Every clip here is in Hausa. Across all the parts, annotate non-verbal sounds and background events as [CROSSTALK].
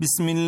بسم الله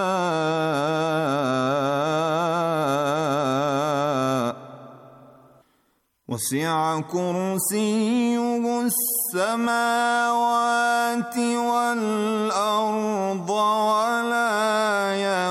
وسع كرسيه السماوات والأرض ولا يموت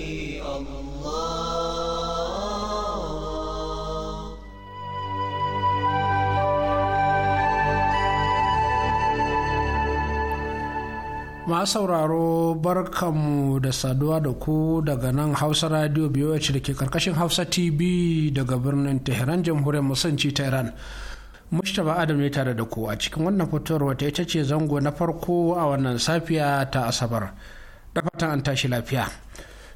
Ma sauraro barkanmu da saduwa da ku daga nan hausa radio biyoci da ke karkashin hausa tv daga birnin tehran jamhuriyar musanci ta iran mustapha adam ne tare da ku a cikin wannan fitowar wata ita ce zango na farko a wannan safiya ta asabar da fatan an tashi lafiya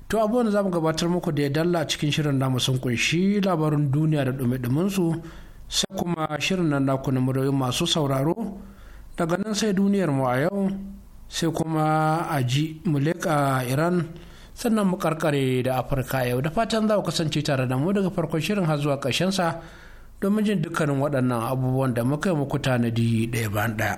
to abubuwan za mu gabatar muku da ya dalla cikin shirin namu sun kunshi labarin duniya da dumi su sai kuma shirin nan na kuna masu sauraro daga nan sai duniyar mu a yau sai kuma a ji mu leƙa iran sannan mu karkare da afirka yau da fatan za ku kasance tare da mu daga farkon shirin har zuwa sa domin jin dukkanin waɗannan abubuwan da muka yi muku tanadi ɗaya bayan ɗaya.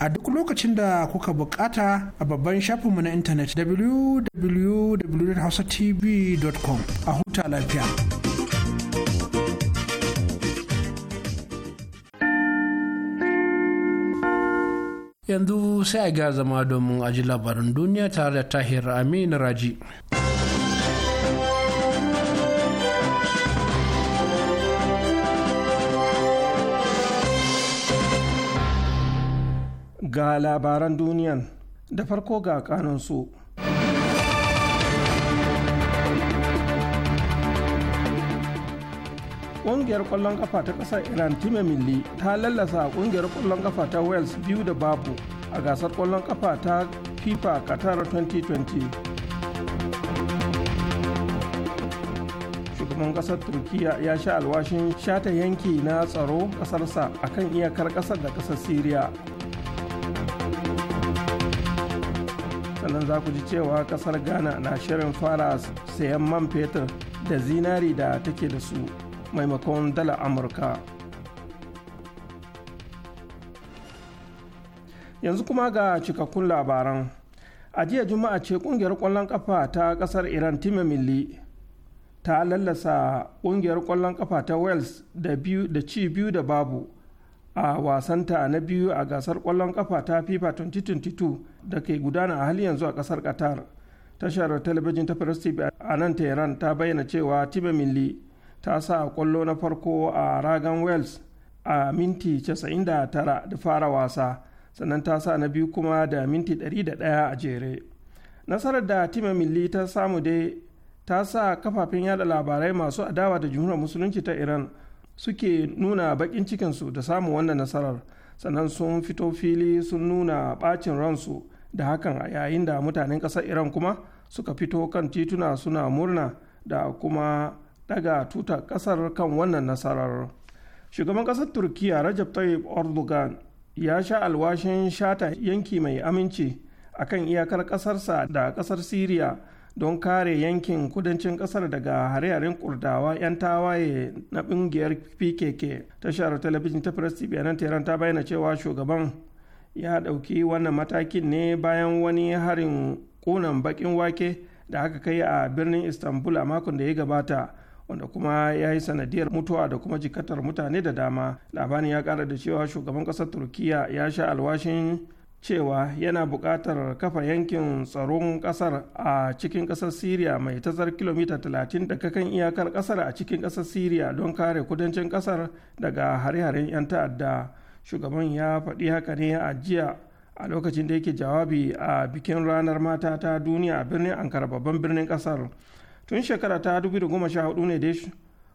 a duk lokacin da kuka bukata a babban shafinmu na intanet www.hausatv.com a huta lafiya. Yanzu sai a ga zama domin aji labaran duniya tare da Tahir Amin Raji. ga labaran duniyan da farko ga kanunsu. Ƙungiyar ƙwallon kafa ta ƙasar Iran Time Milli ta lallasa ƙungiyar ƙwallon kafa ta Wales biyu da babu a gasar ƙwallon kafa ta FIFA Qatar 2020. shugaban kasar turkiya ya sha alwashin shata yanki na tsaro kasarsa akan iyakar kasar da kasar syria sannan za ku ji cewa kasar ghana na shirin fara sayan man fetur da zinari da take da su maimakon dala amurka yanzu kuma ga cikakkun labaran a jiya juma'a ce kungiyar kwallon kafa ta kasar iran timimili ta lallasa kungiyar kwallon kafa ta wales da biyu da ci biyu da babu a wasanta na biyu a gasar kwallon kafa ta fifa 2022 da ke gudana a hali yanzu a kasar qatar tashar talabijin ta first tv a nan tehran ta bayyana cewa tiba milli ta sa kwallo na farko a ragan wales a minti 99 da fara wasa sannan ta sa na biyu kuma da minti 101 a jere nasarar da tiba milli ta samu dai ta sa kafafen yada labarai masu adawa da jumhuriyar musulunci ta iran suke nuna bakin cikinsu da samun wannan nasarar sannan sun fito fili sun nuna bacin ransu da hakan a yayin da mutanen ƙasar iran kuma suka fito kan tituna suna murna da kuma daga tuta ƙasar kan wannan nasarar shugaban ƙasar turkiya rajab tayyip erdogan ya sha alwashin shata yanki mai aminci akan iyakar ƙasarsa da ƙasar siriya don kare yankin kudancin kasar daga hare-haren kurdawa 'yan tawaye na ƙungiyar pkk tashar talabijin ta press tv nan tehran ta bayyana cewa shugaban ya ɗauki wannan matakin ne bayan wani harin ƙunan bakin wake da aka kai a birnin istanbul a makon da ya gabata wanda kuma ya yi sanadiyar mutuwa da kuma jikatar mutane da dama labarin ya ƙara da cewa shugaban ƙasar turkiya ya sha alwashin cewa yana buƙatar kafa yankin tsaron ƙasar a cikin ƙasar syria mai tazar kilomita 30 daga kan iyakar ƙasar a cikin ƙasar syria don kare kudancin ƙasar daga hare-haren 'yan ta'adda shugaban ya faɗi haka ne a jiya a lokacin da yake jawabi a bikin ranar mata ta duniya a birnin ankara babban birnin ƙasar tun shekara ta 2014 ne da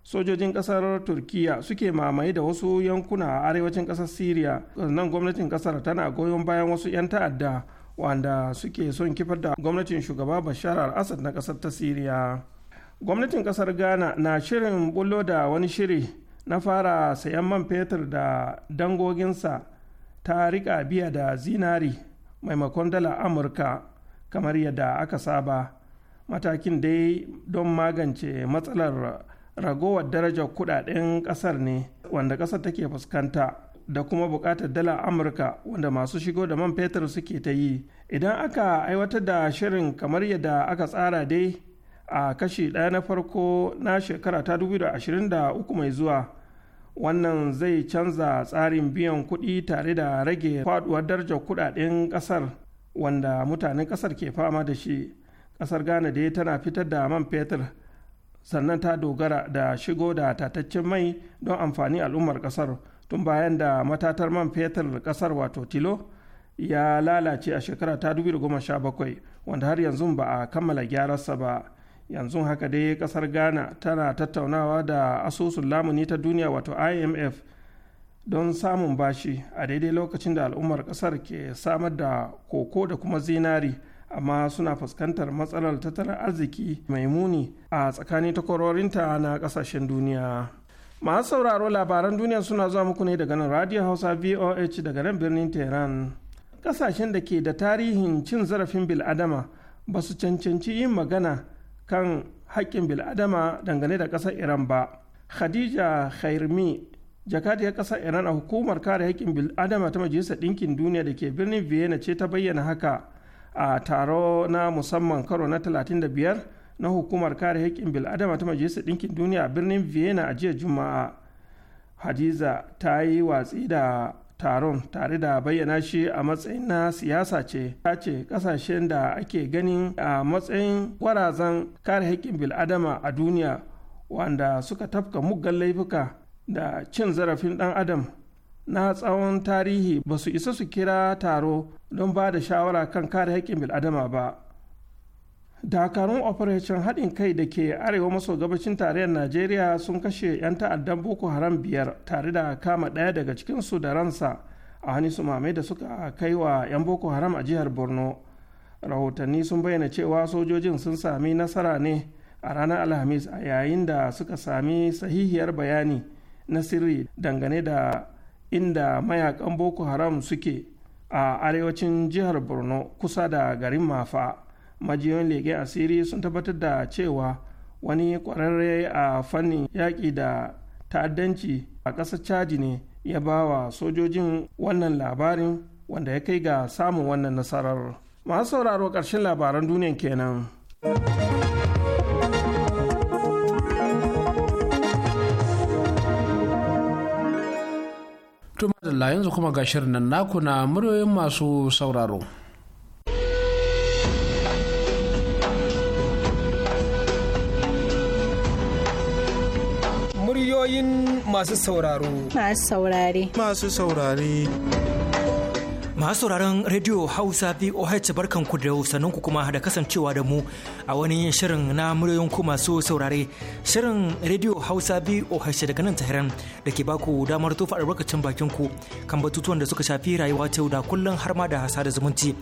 sojojin kasar turkiya suke mamaye da wasu yankuna a arewacin kasar syria nan gwamnatin kasar tana goyon bayan wasu 'yan ta'adda wanda suke son kifar da gwamnatin shugaba bashar al-assad na kasar ta syria gwamnatin kasar ghana na shirin bullo da wani shiri na fara sayan man fetur da dangoginsa ta rika biya da zinari maimakon dala amurka kamar yadda aka saba matakin dai don magance matsalar ragowar darajar kudaden kasar ne wanda kasar take fuskanta da kuma bukatar dala amurka wanda masu shigo da man fetur suke ta yi idan aka aiwatar da shirin kamar yadda aka tsara dai a kashi ɗaya na farko na shekara ta 2023 mai zuwa wannan zai canza tsarin biyan kuɗi tare da rage faduwar darajar kudaden ƙasar wanda mutanen ƙasar ke fama da shi ƙasar ghana da tana fitar da man fetur sannan ta dogara da shigo da tataccen mai don amfani al'ummar kasar tun bayan da matatar man fetur kasar wato tilo ya lalace a shekara ta 2017 wanda har yanzu ba a kammala gyararsa ba yanzu haka dai kasar ghana tana tattaunawa da asusun lamuni ta duniya wato imf don samun bashi a daidai lokacin da al'ummar kasar ke samar da koko da kuma zinari amma suna fuskantar matsalar tattalin arziki mai muni a tsakanin takwarorinta na kasashen duniya masu sauraro labaran duniya suna zuwa muku ne daga nan radio hausa voh daga nan birnin tehran kasashen da ke da tarihin cin zarafin bil'adama ba su cancanci yin magana kan haƙƙin bil'adama dangane da ƙasar iran ba khadija khairmi jakadiyar ƙasar iran a hukumar kare haƙƙin bil'adama ta majalisar ɗinkin duniya da ke birnin vienna ce ta bayyana haka a taro na musamman karo na 35 na hukumar kare haƙƙin bil'adama ta majalisar ɗinkin duniya a birnin vienna a jiya juma'a hadiza ta yi watsi da taron tare da bayyana shi a matsayin na siyasa ce ta ce kasashen da ake ganin a matsayin gwarazan kare haƙƙin bil'adama a duniya wanda suka tafka muggan laifuka da cin zarafin ɗan adam na tsawon tarihi ba su isa su kira taro don ba da shawara kan kare haƙƙin bil'adama ba dakarun operation haɗin kai da ke arewa maso gabashin tarayyar najeriya sun kashe 'yan ta'addan boko haram biyar tare da kama ɗaya daga cikinsu da ransa a hannun su mamai da suka kai wa 'yan boko haram a jihar borno rahotanni sun bayyana cewa sojojin sun sami nasara ne a ranar alhamis a yayin da suka sami sahihiyar bayani na sirri dangane da inda mayakan boko haram suke a arewacin jihar borno kusa da garin mafa majiyoyin lege asiri sun tabbatar da cewa wani kwararre a fannin yaƙi da ta'addanci a ƙasar chadi ne ya ba wa sojojin wannan labarin wanda ya kai ga samun wannan nasarar masu sauraro ƙarshen labaran duniya kenan. Tuma da yanzu kuma ga shirin nan naku na muryoyin masu sauraro. Muryoyin masu sauraro. Masu saurare. Masu saurare. Masu sauraron Radio Hausa VOH ku da sannan ku kuma da kasancewa da mu a wani shirin na muryoyin ku masu saurare. Shirin Radio Hausa VOH daga nan Tahiran da ke baku damar tofa albarkacin bakin ku kan batutuwan da suka shafi rayuwa ta yau da kullum har ma da da zumunci.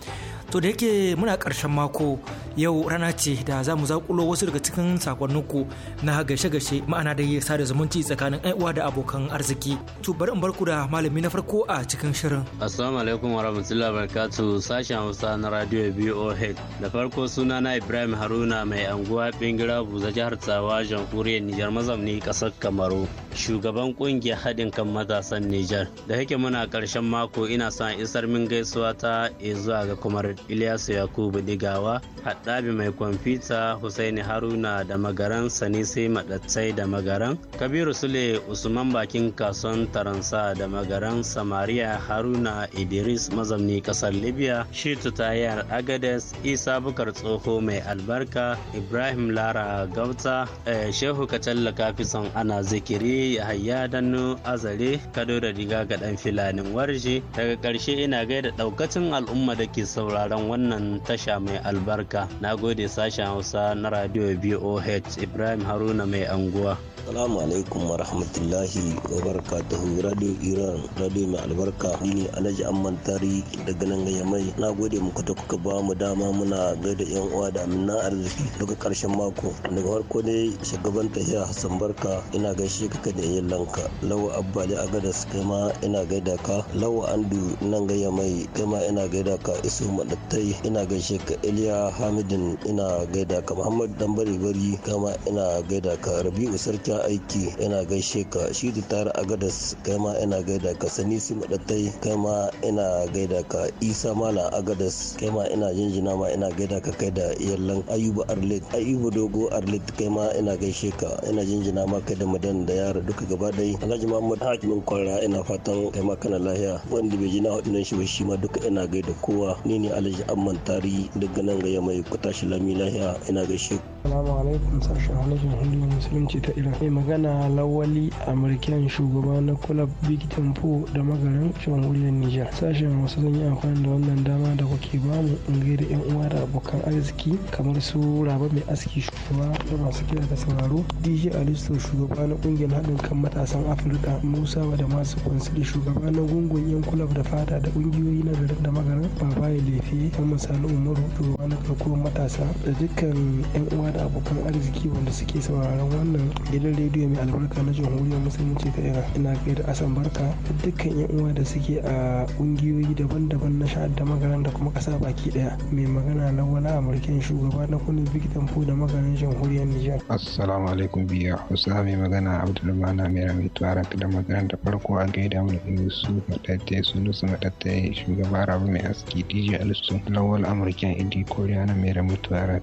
To da yake muna karshen mako yau rana ce da za mu zaƙulo wasu daga cikin sakonninku na gashe-gashe ma'ana da sa da zumunci tsakanin uwa da abokan arziki. To bari in barku da malami na farko a cikin shirin. Assalamu alaikum wa rahmatullahi wa barakatu sashen Hausa na radio BOH. Da farko suna na Ibrahim Haruna mai anguwa Bingira Buza jihar Tsawa jamhuriyar Nijar mazamni kasar Kamaru. Shugaban ƙungiyar haɗin kan matasan Nijar. Da yake muna karshen mako ina son isar min gaisuwa ta zuwa ga kumar Ilyasu Yakubu Digawa, Haɗabi mai kwamfuta Husaini Haruna da Magaran Sanisi Madatsai da Magaran, Kabiru Sule Usman Bakin Kason Taransa da Magaran Samariya Haruna Idris mazamni ƙasar Libya, Shitu Tayar Agades, Isa Bukar Tsoho mai albarka, Ibrahim Lara Gauta, eh, Shehu Kacalla Kafison ana zikiri Yahaya Dannu Azare, Kado da Diga ga ɗan Filanin Warji. Daga ƙarshe ina gaida ɗaukacin al'umma da ke saurara. sauraron wannan tasha mai albarka na gode sashen hausa na radio boh ibrahim haruna mai anguwa Assalamu alaikum wa rahmatullahi wa Radio Iran Radio mai albarka ni ne Alhaji Amman Tari daga nan gaya mai na gode muku da kuka ba mu dama muna gaida yan uwa da amina arziki daga karshen mako daga farko ne shugaban tahiya Hassan Barka ina gaishe ka da lanka. Lawa Abbali Agadas kai ma ina gaida ka Lawa Andu nan gaya mai kai ma ina gaida ka Isu Madattai ina gaishe ka Iliya Hamidin ina gaida ka Muhammad Dambari Bari kai ma ina gaida ka Rabi'u Sarki sha aiki yana gaishe ka shi da tare agadas kai ma yana gaida ka sani su madatai kai ma yana gaida ka isa mala agadas kai ma ina jinjina ma ina gaida ka kai da yallan ayuba arlet ayuba dogo arlet kai ma ina gaishe ka ina jinjina ma kai da madan da yara duka gaba dai alhaji muhammad hakimin kwara ina fatan kai ma kana lahiya wanda bai ji na nan shi ba shi ma duka ina gaida kowa ni ne alhaji amman tari daga nan ga mai ku tashi lami lahiya ina gaishe ka Assalamu alaikum sashen hana jamhuriyar musulunci ta Iran. Mai magana Lawali Amurken shugaba na kulab Big Tempo da magarin jamhuriyar Nijar. Sashen Hausa zan yi amfani da wannan dama da kuke bamu in gaida yan uwa da abokan arziki kamar su Raba mai aski shugaba da masu kira da sauraro. DJ Alisto shugaba na kungiyar haɗin kan matasan Afirka Musa da masu kwansili shugaba na gungun yan kulab da fata da kungiyoyi na garin da magarin Babaye Lefe Musa Umaru shugaba na karkuwar matasa da dukkan yan uwa da abokan arziki wanda suke sauraron wannan gidan rediyo mai albarka na jamhuriyar musulunci ta iran ina gaida asan barka da dukkan yan uwa da suke a kungiyoyi daban-daban na sha'ad da magana da kuma kasa baki daya mai magana na wani amurken shugaba na kunin bikitan fo da magaran jamhuriyar nijar assalamu alaikum biya usa mai magana abdulrahman amira mai tuwaran da magana da farko a gaida mu da su matattai su nusu matattai shugaba rabu mai aski dj alisu lawal amurken idi koriya na mai ramutuwa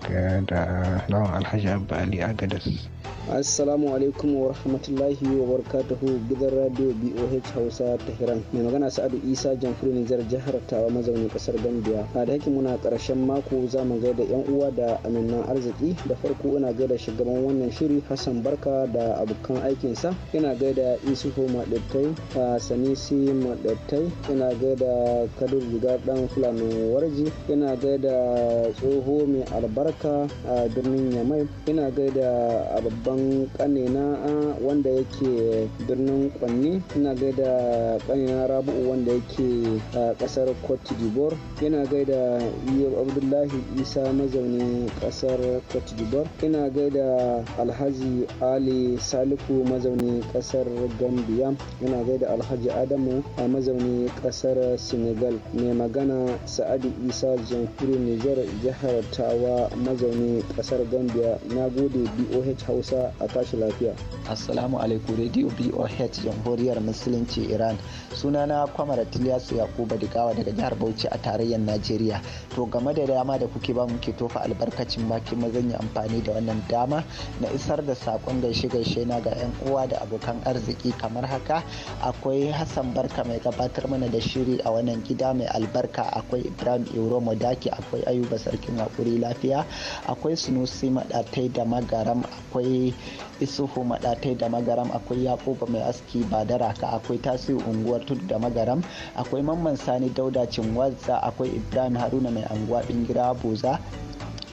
da الحجاب أجلس assalamu alaikum wa rahmatullahi wa barakatuhu gidan radio boh hausa ta hiran mai magana sa'adu isa jamfuri nijar jihar tawa mazaunin kasar gambia a da hakin muna karshen mako za mu gaida yan uwa da aminan arziki da farko ina gaida shugaban wannan shiri hassan barka da abokan aikinsa ina gaida isufu madattai a sanisi madattai ina gaida kadir riga dan fulani warji ina gaida tsoho mai albarka a birnin yamai ina gaida a babban wajen kanina wanda yake birnin kwanni ina gaida kanina rabu'u wanda yake a kasar cote d'ivoire yana gaida iya abdullahi isa mazaunin kasar cote d'ivoire ina gaida alhaji ali saliku mazaunin kasar gambia yana gaida alhaji adamu a mazaunin kasar senegal mai magana sa'adu isa jamhuri nijar jihar tawa mazaunin kasar gambia na gode boh hausa a tashi lafiya. Assalamu alaikum Radio BOH Jamhuriyar Musulunci Iran. Sunana Kwamar Tiliyasu Yakuba Digawa daga jihar Bauchi a tarayyar Najeriya. To game da dama da kuke ba muke tofa albarkacin baki mazan yi amfani da wannan dama na isar da sakon gaishe gaishe na ga yan uwa da abokan arziki kamar haka akwai Hassan Barka mai gabatar mana da shiri a wannan gida mai albarka akwai Ibrahim Euro Modaki akwai Ayuba Sarkin Hakuri Lafiya akwai Sunusi Madatai da Magaram akwai isufu maɗatai da magaram akwai yakuba mai aski ba ka akwai tasiri unguwar tudu da magaram akwai mamman sani dauda cinwazza akwai ibrahim haruna mai anguwa bingira boza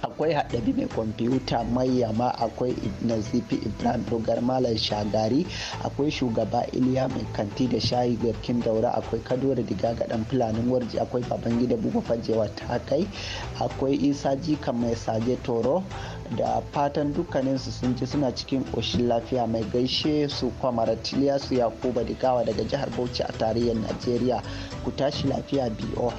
akwai haɗabi mai kwamfuta mai yama akwai nazifi ibrahim dogar malam shagari akwai shugaba iliya mai kanti da shayi garkin daura akwai kaduwar diga ga dan fulanin warji akwai babangida bugu fajewa ta kai akwai isa jika mai saje toro da fatan dukkaninsu sun ci suna cikin ƙoshin lafiya mai gaishe su kwamara tiliyasu yakuba digawa daga jihar bauchi a tarihin najeriya ku tashi lafiya boh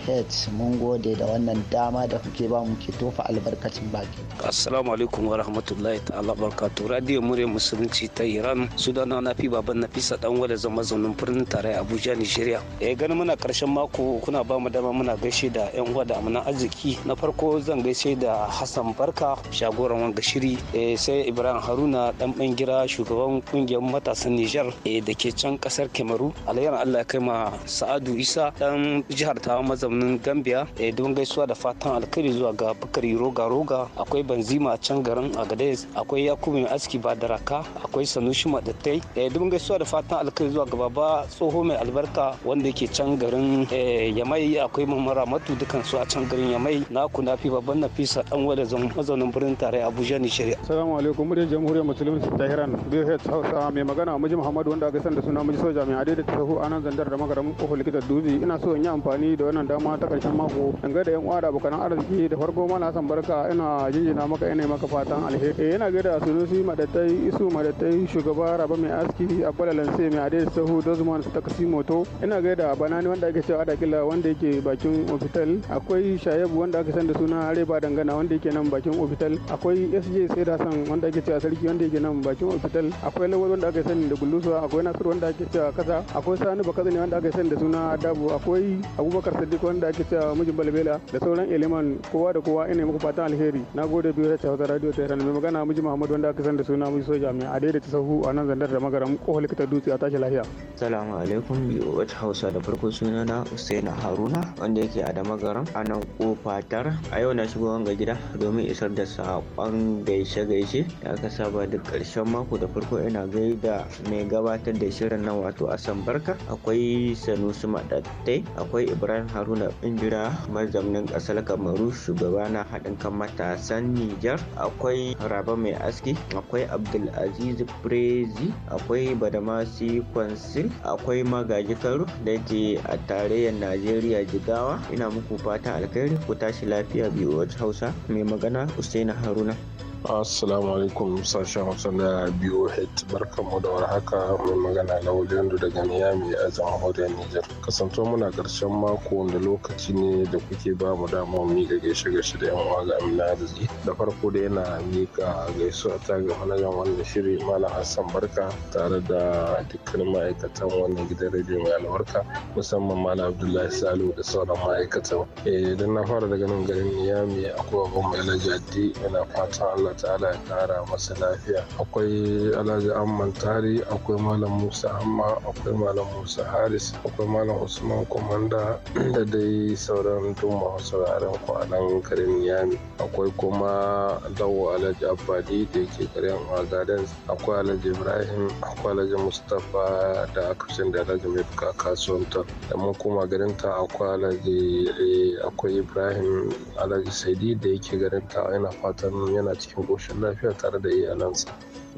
mun gode da wannan dama da kuke ba mu ke tofa albarkacin baki assalamu alaikum wa rahmatullahi ta'ala barkatu radio murya musulunci ta iran sudana na fi baban nafisa dan wale zama zaunin birnin tarayya abuja nigeria eh ganin muna karshen mako kuna ba mu dama muna gaishe da yan uwa da amanan arziki na farko zan gaishe da hassan barka shagoran wani wanga shiri eh, sai ibrahim haruna dan bangira shugaban kungiyar matasan nijar eh, da ke can kasar kemaru alayyar allah kai ma sa'adu isa dan jihar ta mazaunin gambia eh, don gaisuwa da fatan alkhairi zuwa ga bakari roga roga akwai banzima can garin agadez akwai yakubu mai aski ba daraka akwai sanushi madattai don gaisuwa da fatan alkhairi zuwa ga baba tsoho mai albarka wanda ke can garin yamai akwai mamara matu dukansu a can garin yamai na ku na fi babban nafisa dan zan mazaunin birnin tare Abuja Nigeria. Assalamu alaikum muryar jamhuriyar musulunci ta Iran BH Hausa mai magana Muji Muhammadu wanda aka san da suna Muji Soja mai adai da tasahu anan zandar da magaramin kofar likitar Duzi ina so in yi amfani da wannan dama ta karshen mako in ga da yan uwa da abokan arziki da farko mana san barka ina jinjina maka ina maka fatan alheri yana eh, gaida Sunusi Madattai Isu Madattai shugaba Raba mai aski Akwala Lanse mai adai da tasahu Dozman Taksi Moto ina gaida Banani wanda ake cewa Adakila wanda yake bakin ofital akwai Shayebu wanda aka san da suna Areba Dangana wanda yake nan bakin ofital akwai akwai sj sai da san wanda ake cewa sarki wanda yake nan bakin hospital akwai lawal wanda aka sani da gullusuwa akwai nasir wanda ake cewa kasa akwai sani bakasa ne wanda aka sani da suna dabo akwai abubakar sadiq wanda ake cewa mijin balbela da sauran eleman kowa da kowa ina muku fatan alheri na gode biyu da hausa radio ta mai magana miji muhammadu wanda aka sani da suna miji soja mai a da sahu a nan zandar da magaram kohol ta dutse a tashi lafiya salamu alaikum biyu wata hausa da farko suna na usaina haruna wanda yake a da magaram a nan kofatar a yau na shigo wanga gida domin isar da saƙon an gaishe-gaishe da aka saba duk ƙarshen mako da farko ina gaida mai gabatar da shirin nan wato asan barka akwai sanusi maɗattai akwai ibrahim haruna bindira mazaunin ƙasar kamaru shugaba na haɗin kan matasan nijar akwai raba mai aski akwai abdulaziz prezi akwai badamasi kwansil akwai magaji karu da yake a tarayyar najeriya jigawa ina muku fata alkhairi ku tashi lafiya biyu hausa mai magana Usaina Haruna. Assalamu alaikum sashen Hausa na biyu BOH mu da haka. mai magana na Wajendu daga Miami a jamhuriyar Nijar. Kasanto muna karshen mako da lokaci ne da kuke ba mu dama mu miƙa gaishe gaishe da yan uwa ga amina arziki. Da farko da yana miƙa gaisuwa ta ga manajan wannan shiri Malam Hassan Barka tare da dukkan ma'aikatan wannan gidan rediyo mai albarka musamman Malam Abdullahi Salu da sauran ma'aikatan. Eh, idan na fara daga nan garin Miami akwai babban mai lajadi yana fatan Allah Allah ta'ala ya kara masa lafiya akwai Alhaji Amman Tari akwai Malam Musa hamma akwai Malam Musa Haris akwai Malam Usman Komanda [CLEARS THROAT] da dai sauran duk masu sauraron ku a nan garin Yami akwai kuma Dawo Alhaji abadi da yake garin Agadez akwai Alhaji Ibrahim akwai Alhaji Mustapha da Akushin da Alhaji Mai Buka kasuwantar da mun koma garin ta akwai Alhaji eh, akwai Ibrahim Alhaji Saidi da yake garin ta yana fatan yana cikin cikin ƙoshin lafiya tare da iyalansa.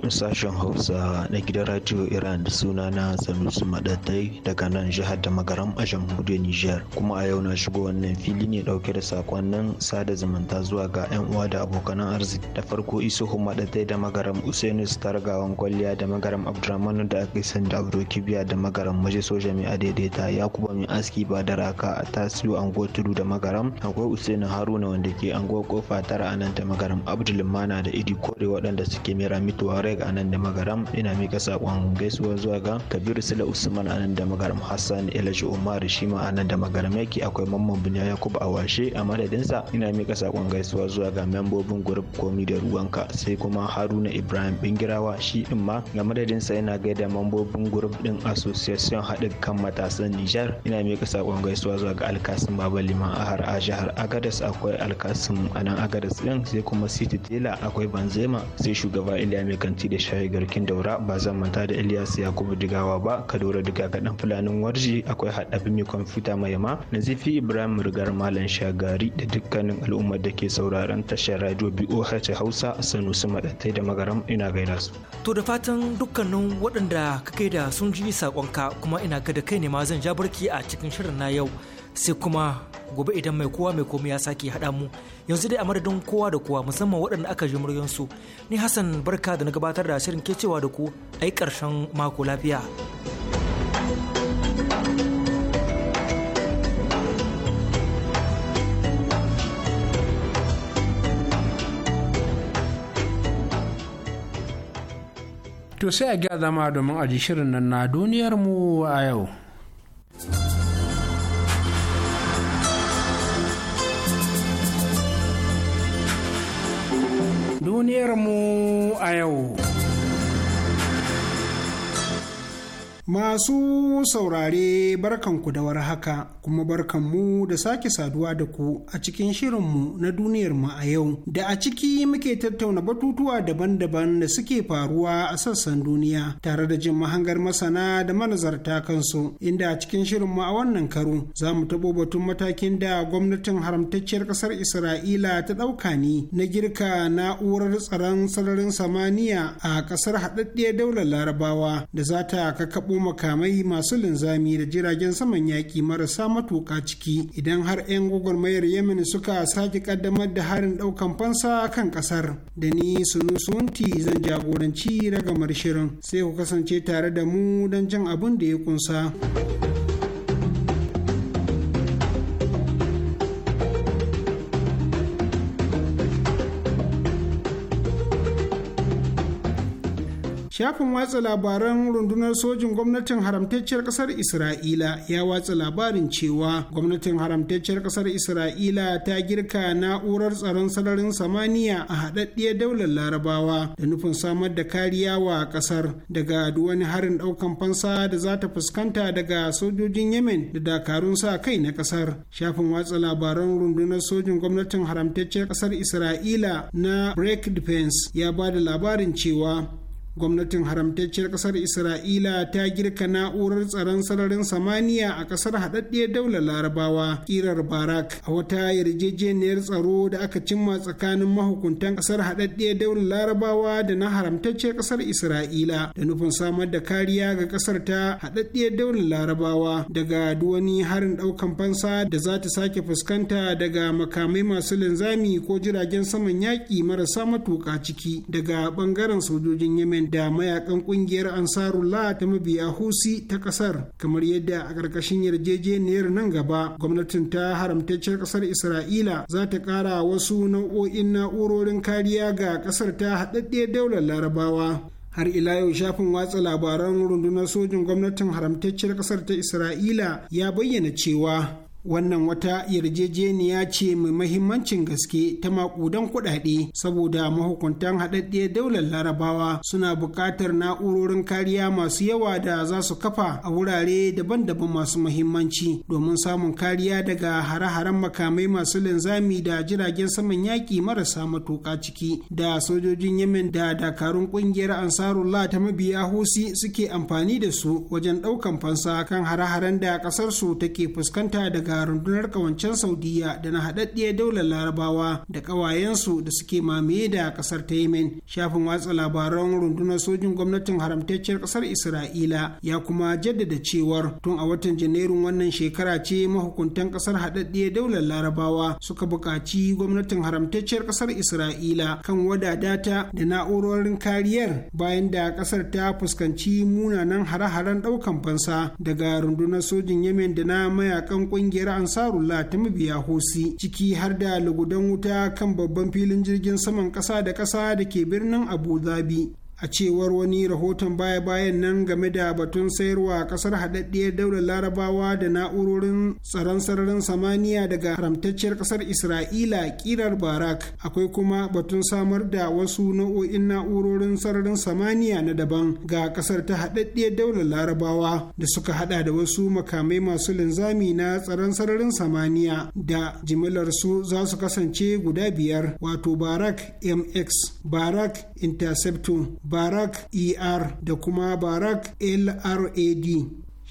sashen hausa na gidan radio iran da suna na sanusi madadai daga nan jihar da magaram a jamhuriyar niger kuma a yau na shigo wannan fili ne dauke da sakonnin sada zumunta zuwa ga yan uwa da abokanan arziki da farko isuhu madadai da magaram usainu stargawan kwalliya da magaram abdulrahmanu da aka sani da abdul kibiya da magaram maje soja mai adaidaita yakuba mai aski ba da raka a tasiu anguwar tudu da magaram akwai usainu haruna wanda ke anguwar kofa tara a nan da magaram abdulmana da idi kore waɗanda suke mera mituwa tuareg a nan da magaram ina mika sakon gaisuwa zuwa ga kabiru sula usman a nan da magaram hassan elashi umar shi ma a nan da magaram yake akwai mamman buniya yakubu a washe a madadinsa ina mika sakon gaisuwa zuwa ga membobin gurup komi da ruwanka sai kuma haruna ibrahim bingirawa shi din ma ga madadinsa ina gaida membobin gurup din association haɗin kan matasan nijar ina mika sakon gaisuwa zuwa ga alkasim baba liman ahar a jihar agadas akwai alkasim a nan agadas din sai kuma city tela akwai banzema sai shugaba iliya mai kanti da shayi garkin daura ba zan manta da Ilyas Yakubu Digawa ba Kadura Diga ga dan fulanin warji akwai haɗabi mai kwamfuta mai ma Nazifi Ibrahim Rigar Malam Shagari da dukkanin al'ummar da ke sauraron tashar radio BOH Hausa Sanusi Madatai da Magaram ina gaida su. To da fatan dukkanin waɗanda ka da sun ji sakonka kuma ina ga da kai ne ma zan ja barki a cikin shirin na yau sai kuma gobe idan mai kowa mai komai ya sake haɗa mu yanzu dai a madadin kowa da kowa musamman waɗanda aka ji muryansu ni hassan barka da na gabatar da shirin cewa da ku a yi ƙarshen mako lafiya To sai a gyara zama domin aji shirin nan na duniyarmu a yau. duniyarmu a yau. Masu saurare barkanku da haka kuma barkanmu da sake saduwa da ku a cikin shirin mu na duniyar mu a yau da a ciki muke tattauna batutuwa daban-daban da suke faruwa a sassan duniya tare da jin mahangar masana da manazarta kansu inda a cikin shirin mu a wannan karo za mu tabo batun matakin da gwamnatin haramtacciyar ƙasar Isra'ila ta ɗauka ne na girka na'urar tsaron sararin samaniya a ƙasar haɗaɗɗiyar daular larabawa da za ta kakkaɓo makamai masu linzami da jiragen saman yaƙi marasa matuƙa ciki idan har 'yan gwagwarmayar yemen suka sake kaddamar da harin ɗaukan fansa kan ƙasar da ni sunusunti zan jagoranci ragamar shirin sai ku kasance tare da mu don jin abin da ya kunsa. Shafin watsa labaran rundunar sojin gwamnatin haramtacciyar ƙasar Isra'ila ya watsa labarin cewa gwamnatin haramtacciyar ƙasar Isra'ila ta girka na'urar tsaron sararin samaniya a haɗaɗɗiyar daular larabawa da nufin samar da kariya wa ƙasar daga wani harin ɗaukan fansa da za ta fuskanta daga sojojin Yemen da dakarun sa kai na ƙasar. Shafin watsa labaran rundunar sojin gwamnatin haramtacciyar ƙasar Isra'ila na Break Defense ya ba da labarin cewa gwamnatin haramtacciyar kasar isra'ila ta girka na'urar tsaron sararin samaniya a kasar haɗaɗɗiyar daular larabawa kirar barak a wata yarjejeniyar tsaro da aka cimma tsakanin mahukuntan kasar haɗaɗɗiyar daular larabawa da na haramtacciyar kasar isra'ila da nufin samar da kariya ga kasar ta haɗaɗɗiyar daular larabawa daga duwani harin ɗaukan fansa da za ta sake fuskanta daga makamai masu linzami ko jiragen saman yaƙi marasa matuƙa ciki daga ɓangaren sojojin yemen da mayakan kungiyar ansarullah ta mabiya husi ta kasar kamar yadda a ƙarƙashin yarjejeniyar nan gaba gwamnatin ta haramtacciyar kasar isra'ila za ta ƙara wasu nau'o'in na'urorin kariya ga kasar ta haɗaɗɗiyar daular larabawa har ila yau shafin watsa labaran rundunar sojin gwamnatin haramtacciyar kasar ta isra'ila ya bayyana cewa wannan wata yarjejeniya ce mai mahimmancin gaske ta makudan kuɗaɗe saboda mahukuntan haɗaɗɗiyar daular larabawa suna buƙatar na'urorin kariya masu yawa da za su kafa a wurare daban-daban masu mahimmanci domin samun kariya daga hare-haren makamai masu linzami da jiragen saman yaƙi marasa matuƙa ciki da sojojin yamin da dakarun ƙungiyar ansarullah ta mabiya husi suke amfani da su wajen ɗaukan fansa kan hare-haren da ƙasarsu take fuskanta daga daga rundunar kawancen saudiya da na haɗaɗɗiya daular larabawa da ƙawayensu da suke mamaye da ƙasar ta yemen shafin watsa labaran rundunar sojin gwamnatin haramtacciyar ƙasar isra'ila ya kuma jaddada cewar tun a watan janairun wannan shekara ce mahukuntan ƙasar haɗaɗɗiya daular larabawa suka buƙaci gwamnatin haramtacciyar ƙasar isra'ila kan wadadata da na'urorin kariyar bayan da ƙasar ta fuskanci munanan hare-haren ɗaukan fansa daga rundunar sojin yemen da na mayakan ƙungiyar kungiyar ansarullah ta mabiya hosi ciki har da lugudan wuta kan babban filin jirgin saman kasa da kasa da ke birnin abu dhabi a cewar wani rahoton baya-bayan nan game da batun sayarwa kasar haɗaɗɗiyar daular larabawa da na'urorin tsaron sararin samaniya daga haramtacciyar kasar isra'ila kirar barak akwai kuma batun samar da wasu nau'o'in na'urorin sararin samaniya na daban ga kasar ta haɗaɗɗiyar daular larabawa da suka haɗa da wasu makamai masu linzami na tsaron sararin samaniya da jimilar su za su kasance guda biyar wato barak mx barak interceptor barak er da kuma barak lrad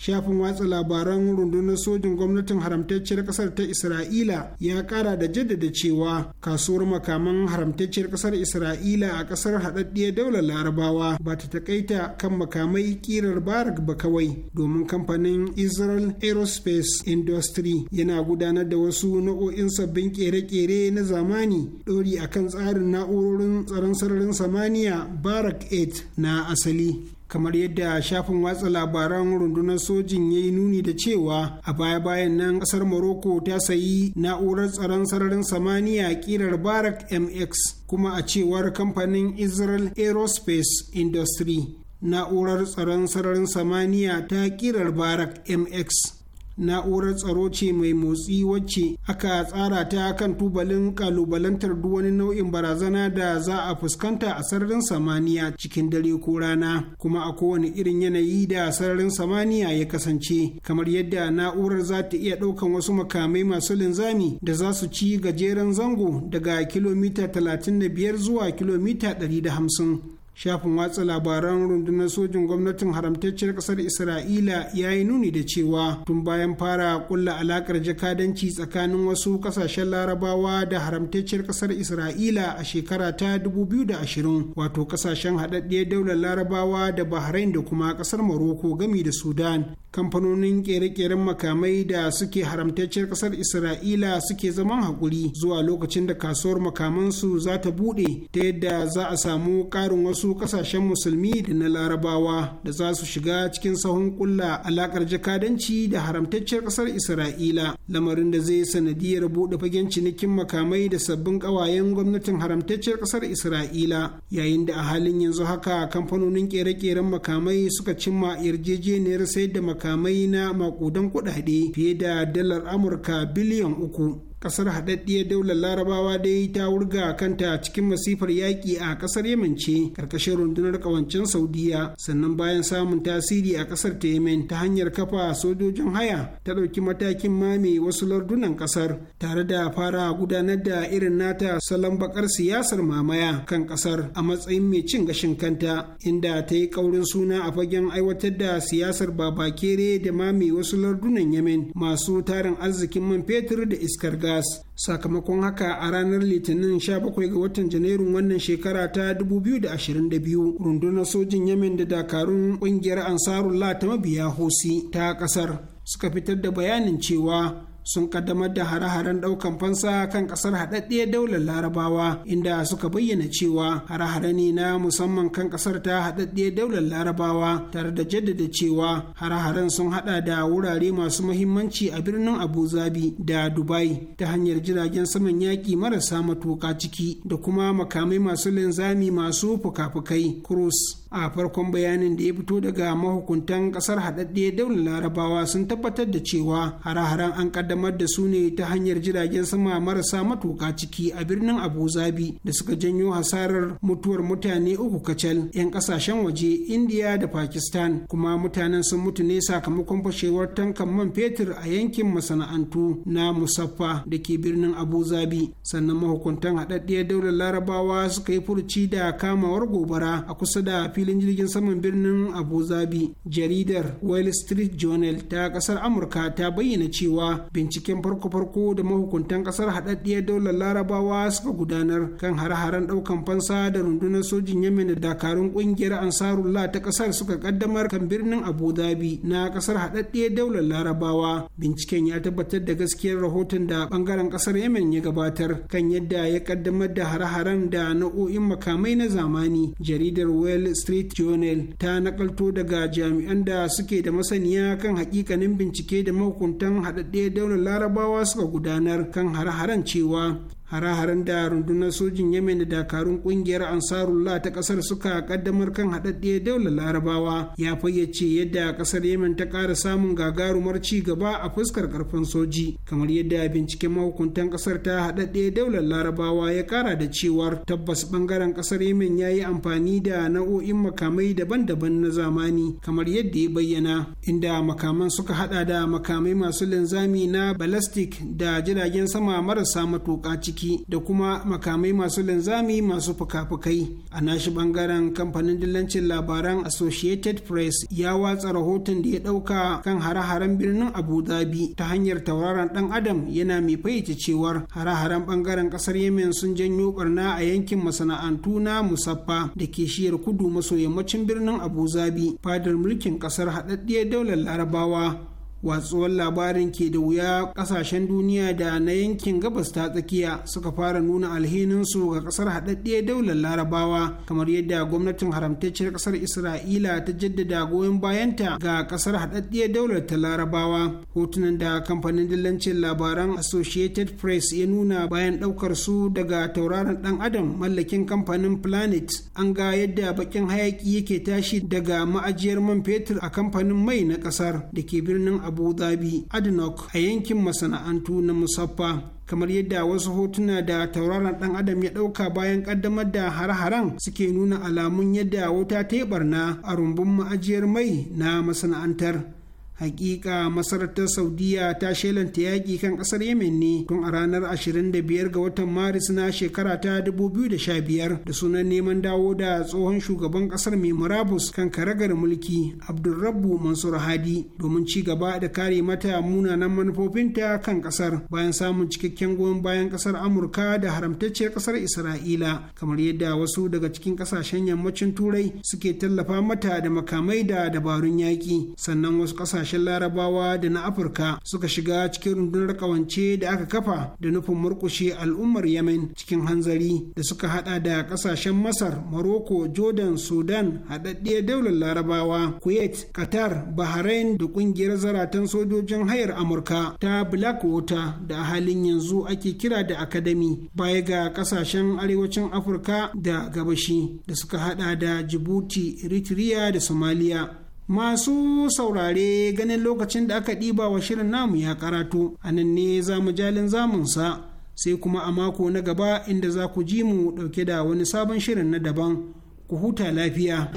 shafin watsa labaran rundunar sojin gwamnatin haramtacciyar kasar ta isra'ila ya kara da jaddada cewa kasuwar makaman haramtacciyar kasar isra'ila a kasar haɗaɗɗiyar daular larabawa ba ta takaita kan makamai kirar barak ba kawai domin kamfanin israel aerospace industry yana gudanar da wasu nau'o'in sabbin kere-kere na zamani ɗori akan tsarin na'urorin tsaron sararin samaniya barak 8 na asali kamar yadda shafin watsa labaran rundunar sojin ya yi nuni da cewa a baya-bayan nan kasar morocco ta sayi na'urar tsaron sararin samaniya kirar barak mx kuma a cewar kamfanin israel aerospace industry na'urar tsaron sararin samaniya ta kirar barak mx na'urar tsaro ce mai motsi wacce aka tsara ta kan tubalin kalubalantar duk wani nau'in barazana da za a fuskanta a sararin samaniya cikin dare ko rana kuma a kowane irin yanayi da sararin samaniya ya kasance kamar yadda na'urar za ta iya ɗaukan wasu makamai masu linzami da za su ci gajeren zango daga kilomita 35 zuwa kilomita 150 shafin watsa labaran rundunar sojin gwamnatin haramtacciyar kasar isra'ila ya yi nuni da cewa tun bayan fara kulla alaƙar jakadanci tsakanin wasu ƙasashen larabawa da haramtacciyar kasar isra'ila a shekara ta 2020 wato ƙasashen haɗaɗɗiyar daular larabawa da bahrain da kuma ƙasar maroko gami da sudan kamfanonin ƙere-ƙeren makamai da suke haramtacciyar kasar isra'ila suke zaman haƙuri zuwa lokacin da kasuwar makamansu za ta buɗe ta yadda za a samu ƙarin wasu kasashen musulmi da na larabawa da za su shiga cikin sahun kulla alakar jakadanci da haramtacciyar kasar isra'ila lamarin da zai sanadiyar buɗe fagen cinikin makamai da sabbin ƙawayen gwamnatin haramtacciyar kasar isra'ila yayin da a halin yanzu haka kamfanonin ƙere-ƙeren makamai suka cimma yarjejeniyar sayar da makamai na maƙudan kuɗaɗe fiye da dalar amurka biliyan uku kasar haɗaɗɗiyar daular larabawa dai ta wurga kanta cikin masifar yaƙi a ƙasar yemen ce ƙarƙashin rundunar ƙawancen saudiya sannan bayan samun tasiri a ƙasar ta yemen ta hanyar kafa sojojin haya ta ɗauki matakin mame wasu lardunan ƙasar. tare da fara gudanar da irin nata salon bakar siyasar mamaya kan ƙasar a matsayin mai cin gashin kanta inda ta yi ƙaurin suna a fagen aiwatar da siyasar babakere da mame wasu lardunan yemen masu tarin arzikin man fetur da iskar gas gas sakamakon haka a ranar litinin 17 ga watan janairun wannan shekara ta 2022 rundunar sojin yamen da dakarun kungiyar ansarullah ta mabiya hosi ta kasar suka fitar da bayanin cewa sun kaddamar da hare-haren daukan fansa kan kasar haɗaɗɗiyar daular larabawa inda suka bayyana cewa hare-hare ne na musamman kan kasar ta haɗaɗɗiyar daular larabawa tare da jaddada cewa hare-haren sun haɗa da wurare masu muhimmanci a birnin abu zabi da dubai ta hanyar jiragen saman yaƙi marasa matuƙa ciki da kuma makamai masu linzami masu fuka-fukai cruise a farkon bayanin da ya fito daga mahukuntan kasar haɗaɗɗe daular larabawa sun tabbatar da cewa hare-haren an kaddamar da su ne ta hanyar jiragen sama marasa matuka ciki a birnin abu zabi da suka janyo hasarar mutuwar mutane uku kacal 'yan kasashen waje indiya da pakistan kuma mutanen sun mutu ne sakamakon fashewar tankan man fetur a yankin masana'antu na musaffa da ke birnin abu zabi sannan mahukuntan haɗaɗɗe daular larabawa suka yi furuci da kamawar gobara a kusa da filin jirgin saman birnin abu zabi jaridar wall street journal ta kasar amurka ta bayyana cewa binciken farko-farko da mahukuntan kasar haɗaɗɗiyar daular larabawa suka gudanar kan hare-haren ɗaukan fansa da rundunar sojin yemen da dakarun ƙungiyar ansarullah ta kasar suka kaddamar kan birnin abu zabi na kasar haɗaɗɗiyar daular larabawa binciken ya tabbatar da gaskiyar rahoton da ɓangaren kasar yemen ya gabatar kan yadda ya kaddamar da hare-haren da nau'o'in makamai na zamani jaridar wall street street journal ta nakalto daga jami'an da suke da masaniya kan hakikanin bincike da mahukuntan haɗaɗɗe daular larabawa suka gudanar kan hare-haren cewa hare-haren da rundunar sojin yamen da dakarun kungiyar ansarullah ta kasar suka kaddamar kan haɗaɗɗiyar daular larabawa ya fayyace yadda kasar yamen ta ƙara samun gagarumar ci gaba a fuskar karfin soji kamar yadda binciken mahukuntan kasar ta haɗaɗɗiyar daular larabawa ya ƙara da cewar tabbas ɓangaren kasar yamen ya yi amfani da nau'o'in makamai daban-daban na zamani kamar yadda ya bayyana inda makaman suka haɗa da makamai masu linzami na balastik da jiragen sama marasa matuƙa ciki ciki da kuma makamai masu linzami masu fuka-fukai a nashi bangaren kamfanin dillancin labaran associated press ya watsa rahoton da ya dauka kan hare-haren birnin abu dhabi ta hanyar tauraron dan adam yana mai fayyace cewar hare-haren bangaren kasar yemen sun janyo barna a yankin masana'antu na musaffa da ke shiyar kudu maso yammacin birnin abu dhabi fadar mulkin kasar haɗaɗɗiyar daular larabawa watsuwar labarin ke da wuya kasashen duniya da na yankin gabas ta tsakiya suka fara nuna alhininsu ga kasar haɗaɗɗiyar daular larabawa kamar yadda gwamnatin haramtacciyar kasar isra'ila ta jaddada goyon bayanta ga kasar haɗaɗɗiyar daular ta larabawa hotunan da kamfanin dillancin labaran associated press ya nuna bayan ɗaukar su daga tauraron ɗan adam mallakin kamfanin planet an ga yadda bakin hayaki yake tashi daga ma'ajiyar man fetur a kamfanin mai na kasar da ke birnin abu dhabi adnok a yankin masana'antu na musaffa kamar yadda wasu hotuna da tauraron dan adam ya dauka bayan kaddamar da har-haren suke nuna alamun yadda wuta ta yi barna a rumbun ma'ajiyar mai na masana'antar hakika masar ta saudiya ta shelanta yaƙi kan ƙasar yemen ne tun a ranar 25 ga watan maris na shekara ta 2015 da sunan neman dawo da tsohon shugaban ƙasar mai murabus kan karagar mulki abdulrabu mansur hadi domin ci gaba da kare mata munanan manufofinta kan ƙasar bayan samun cikakken goyon bayan ƙasar amurka da haramtacciyar ƙasar isra'ila kamar yadda wasu daga cikin ƙasashen yammacin turai suke tallafa mata da makamai da dabarun yaƙi sannan wasu ƙasashen kasashen larabawa da na afirka suka shiga cikin rundunar kawance da aka kafa da nufin murkushe al'ummar yemen cikin hanzari da suka hada da kasashen masar maroko jordan sudan haɗaɗɗiyar daular larabawa kuwait qatar bahrain da ƙungiyar zaratan sojojin hayar amurka ta Black blackwater da a halin yanzu ake kira da academy baya ga kasashen arewacin afirka da gabashi da suka hada da jibuti eritrea da somalia Masu saurare ganin lokacin da aka ɗiba wa shirin namu ya karatu a nan ne za mu jalin zamunsa sai kuma a mako na gaba inda za ku ji mu ɗauke da wani sabon shirin na daban ku huta lafiya.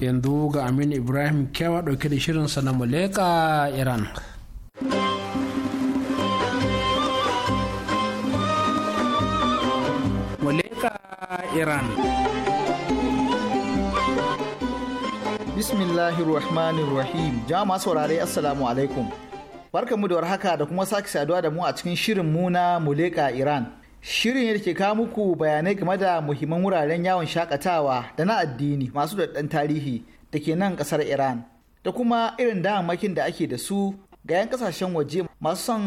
yanzu ga Aminu Ibrahim kyawa ɗauke da shirinsa na Muleka Iran. iran bismillahir rahmanir rahim jama saurare assalamu alaikum mu da warhaka da kuma sake saduwa da mu a cikin shirin mu na muleka iran shirin ne da ke kawo muku bayanai game da muhimman wuraren yawon shakatawa da na addini masu daɗan tarihi da ke nan ƙasar iran da kuma irin damakin da ake da su ga 'yan ƙasashen waje masu son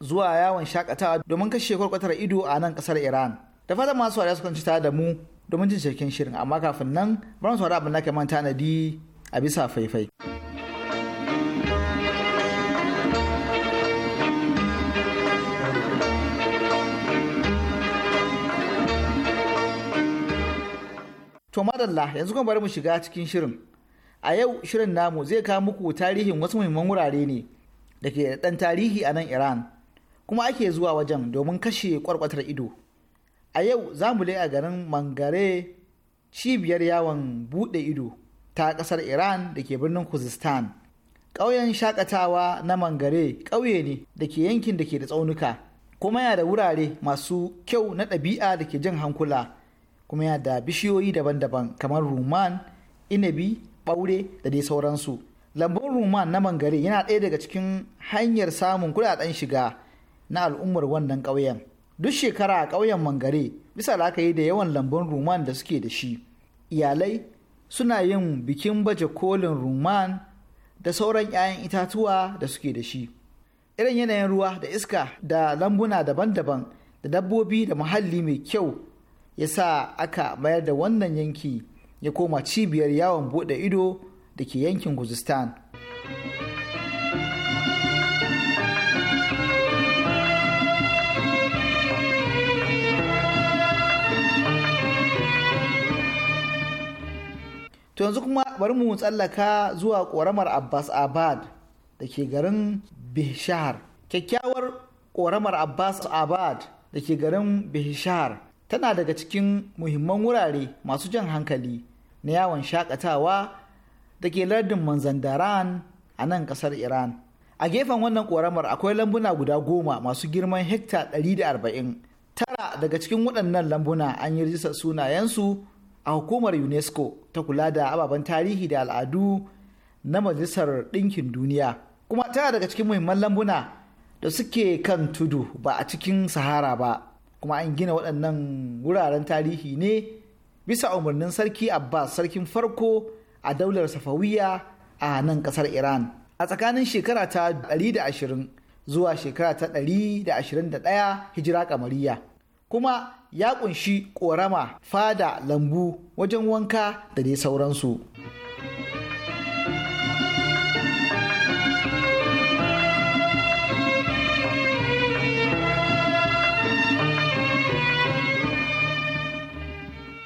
zuwa yawon shakatawa domin kashe kwarkwatar ido a nan ƙasar iran da fatan masu wariya su kwanci tare da mu domin jin cikin shirin amma kafin nan bari su abin da kamar tanadi a bisa faifai. To madalla yanzu kuma bari mu shiga cikin shirin. A yau shirin namu zai kawo muku tarihin wasu muhimman wurare ne da ke da ɗan tarihi a nan Iran, kuma ake zuwa wajen domin kashe kwarkwatar ido. a yau za mu a garin mangare cibiyar yawon buɗe ido ta ƙasar iran da ke birnin kuzistan ƙauyen shakatawa na mangare ƙauye ne da ke yankin da ke da tsaunuka kuma yana da wurare masu kyau na ɗabi'a da ke jin hankula kuma yana da bishiyoyi daban-daban kamar ruman inabi ɓaure da dai sauransu lambun ruman na mangare yana ɗaya daga cikin hanyar samun kuɗaɗen shiga na al'ummar wannan ƙauyen duk shekara a ƙauyen mangare bisa la'akari da yawan lambun ruman da suke da shi iyalai suna yin bikin baje kolin ruman da sauran 'ya'yan itatuwa da suke da shi irin yanayin ruwa da iska da lambuna daban-daban da dabbobi da muhalli mai kyau ya sa aka mayar da wannan yanki ya koma cibiyar yawon bude ido da ke yankin guzistan. to yanzu kuma bari mu tsallaka zuwa ƙoramar abbas abad da ke garin Bishar. kyakkyawar ƙoramar abbas abad da ke garin Bishar tana daga cikin muhimman wurare masu jan hankali na yawon shakatawa da ke lardin manzandaran a nan ƙasar iran a gefen wannan ƙoramar akwai lambuna guda goma masu girman hekta 140 tara daga cikin waɗannan lambuna an yi rijistar sunayensu a hukumar unesco ta kula da ababen tarihi da al'adu na majalisar ɗinkin duniya kuma tana daga cikin muhimman lambuna da suke kan tudu ba a cikin sahara ba kuma an gina waɗannan wuraren tarihi ne bisa umarnin sarki abbas sarkin farko a daular safawiya a nan ƙasar iran a tsakanin shekara ta 120 zuwa shekara ta 121 hijira kamariya kuma ya kunshi korama fada lambu wajen wanka da dai sauransu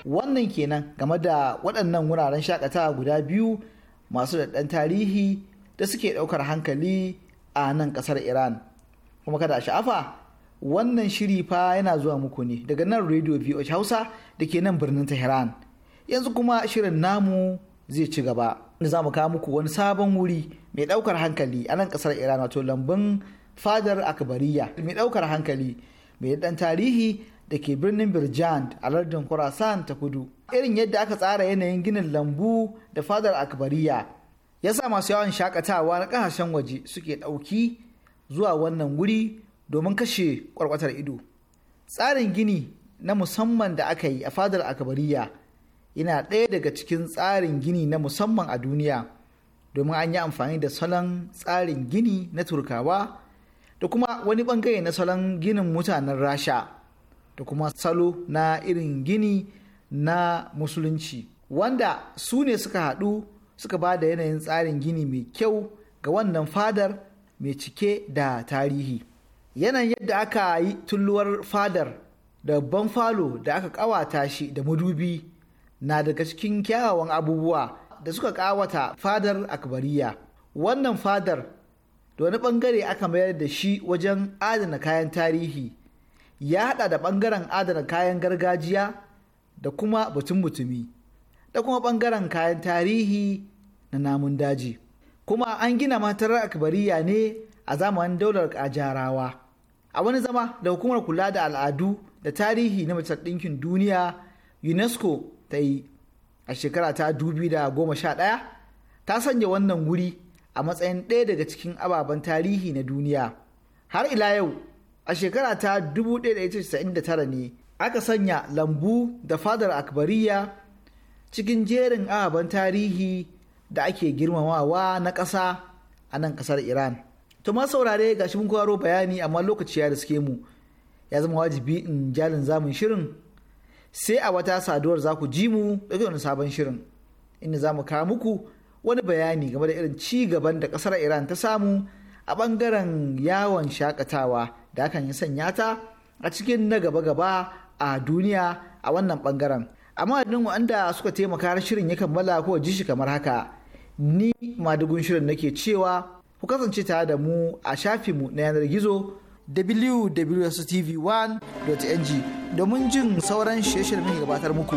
wannan kenan game da waɗannan wuraren shakatawa guda biyu masu daɗan tarihi da suke ɗaukar hankali a nan ƙasar iran kuma kada sha'afa wannan shiri fa yana zuwa muku ne daga nan radio voh hausa da ke nan birnin tehran yanzu kuma shirin namu zai ci gaba da za mu kawo muku wani sabon wuri mai ɗaukar hankali a nan ƙasar iran wato lambun fadar akbariya mai ɗaukar hankali mai ɗan tarihi da ke birnin birjan a lardin khorasan ta kudu irin yadda aka tsara yanayin ginin lambu da fadar akbariya ya sa masu yawan shakatawa na kasashen waje suke ɗauki zuwa wannan wuri domin kashe kwarkwatar ido tsarin gini na musamman da aka yi a fadar akabariya yana ɗaya daga cikin tsarin gini na musamman a duniya domin an yi amfani da salon tsarin gini na turkawa da kuma wani bangare na salon ginin mutanen rasha da kuma salo na irin gini na musulunci wanda su ne suka haɗu suka ba da yanayin tsarin gini mai kyau ga wannan fadar mai cike da tarihi. yanayin yadda aka yi tulluwar fadar da babban falo da aka kawata shi da madubi na daga cikin kyawawan abubuwa da suka kawata fadar akbariya wannan fadar da wani bangare aka mayar da shi wajen adana kayan tarihi ya hada da bangaren adana kayan gargajiya da kuma batun mutumi da kuma bangaren kayan tarihi na namun daji kuma an gina matar akbariya ne a zamanin daular kajarawa a wani zama da hukumar kula da al'adu da tarihi na majalisar ɗinkin duniya unesco ta yi a shekara ta ɗaya ta sanya wannan wuri a matsayin ɗaya daga cikin ababen tarihi na duniya har ila yau a shekara ta 1999 ne aka sanya lambu da fadar akbariya cikin jerin ababen tarihi da ake girmamawa na ƙasa a nan ƙasar iran to ma saurare ga shi mun kwaro bayani amma lokaci ya riske mu ya zama wajibi in jalin zamun shirin sai a wata saduwar za ku ji mu daga wani sabon shirin inda za mu kawo muku wani bayani game da irin ci gaban da kasar iran ta samu a bangaren yawon shakatawa da hakan ya sanya ta a cikin na gaba-gaba a duniya a wannan bangaren amma adinin wanda suka taimaka har shirin ya kammala ko ji shi kamar haka ni madugun shirin nake cewa ku kasance tare da mu a mu na yanar gizo www.tv1.ng domin jin sauran shirye-shiryen da gabatar muku.